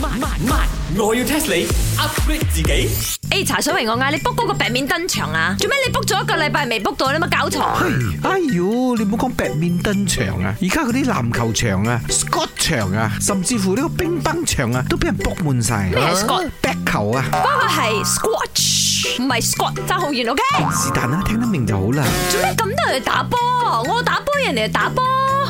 唔係唔係，我要 test 你 upgrade 自己。誒，茶水圍我嗌你 book 嗰個 badminton 場啊！做咩你 book 咗一個禮拜未 book 到，你咪搞錯？哎呦，你唔好講 badminton 場啊！而家嗰啲籃球場啊、squash 場啊，甚至乎呢個乒乓場啊，都俾人 book 滿晒。誒，squash、壁球啊，嗰個係 squash。唔係，Squad 爭好遠落嘅，是但啦，OK？聽得明就好啦。做咩咁多人打波？我打波，人哋又打波。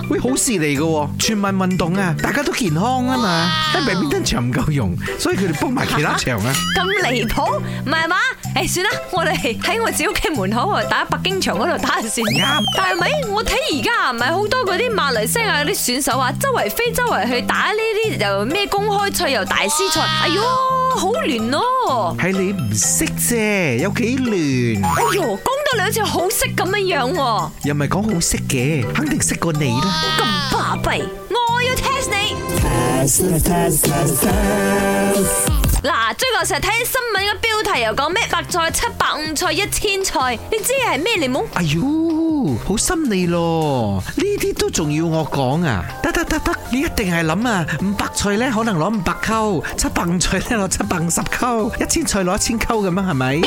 喂，好事嚟嘅，全民運動啊，大家都健康啊嘛。但係邊張場唔夠用，所以佢哋 book 埋其他場啊？咁離譜，唔係嘛？誒、哎，算啦，我哋喺我自己屋企門口度打，北京場嗰度打係啱。Yeah. 但係咪？我睇而家唔係好多嗰啲馬來西亞啲選手啊，周圍飛周圍去打呢啲又咩公開賽又大師賽，Wow. 哎喲。好亂咯，係、哦哦、你唔識啫，有幾亂。哎喲，講到兩次好識咁樣樣喎，又唔係講好識嘅，肯定識過你啦。咁巴閉，我要 test 你。test test test test。嗱，最近成日睇新聞嘅標題又講咩白菜七百五，菜一千菜，你知係咩檸檬？哎喲。好心利咯，呢啲都仲要我講啊！得得得得，你一定係諗啊，五百菜咧，可能攞五百扣，七百五菜咧攞七百五十扣，一千菜攞一千扣咁樣係咪？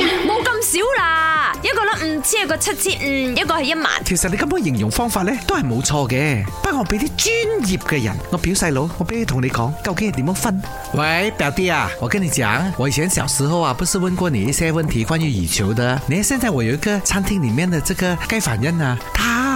少啦，一個粒五千，一個七千五，一個係一萬。其實你根本形容方法咧，都係冇錯嘅。不過我俾啲專業嘅人，我表細佬，我俾你同你講，究竟係點樣分？喂，表弟啊，我跟你講，我以前小時候啊，不是問過你一些問題關於魚球的。你現在我有一個餐廳裏面的這個雞飯應啊。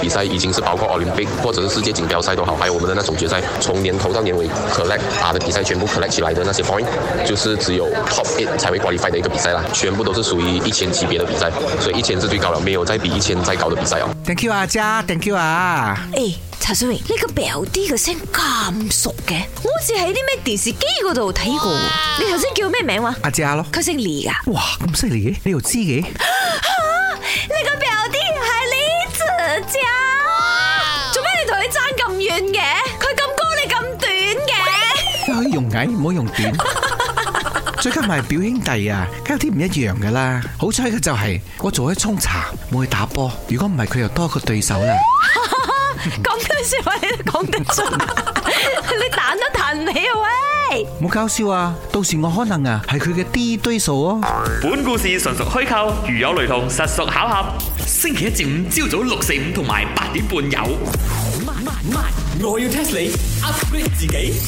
比賽已經是包括奧運盃，或者是世界錦標賽都好，還有我們的那種決賽，從年頭到年尾 collect 打的比賽全部 collect 起來的那些 point，就是只有 top eight 才會 qualify 的一個比賽啦，全部都是屬於一千級別的比賽，所以一千是最高了，沒有再比一千再高的比賽哦。Thank you 阿嘉、ja,，Thank you 啊，誒，查少明呢個表 e l l 嘅聲咁熟嘅，我好似喺啲咩電視機嗰度睇過，你頭先叫咩名話？阿嘉咯，佢姓李噶，哇，咁犀利嘅，你又知嘅？用矮唔好用短，最近咪表兄弟啊，梗有啲唔一樣噶啦。好彩佢就係我做一沖茶，冇去打波。如果唔係，佢又多個對手咧。講啲說話你講得準，你彈都彈唔起喂。唔好搞笑啊！到時我可能啊係佢嘅 D 堆數哦。本故事純屬虛構，如有雷同，實屬巧合。星期一至五朝早六四五同埋八點半有。賣賣賣！我要 test 你 upgrade 自己。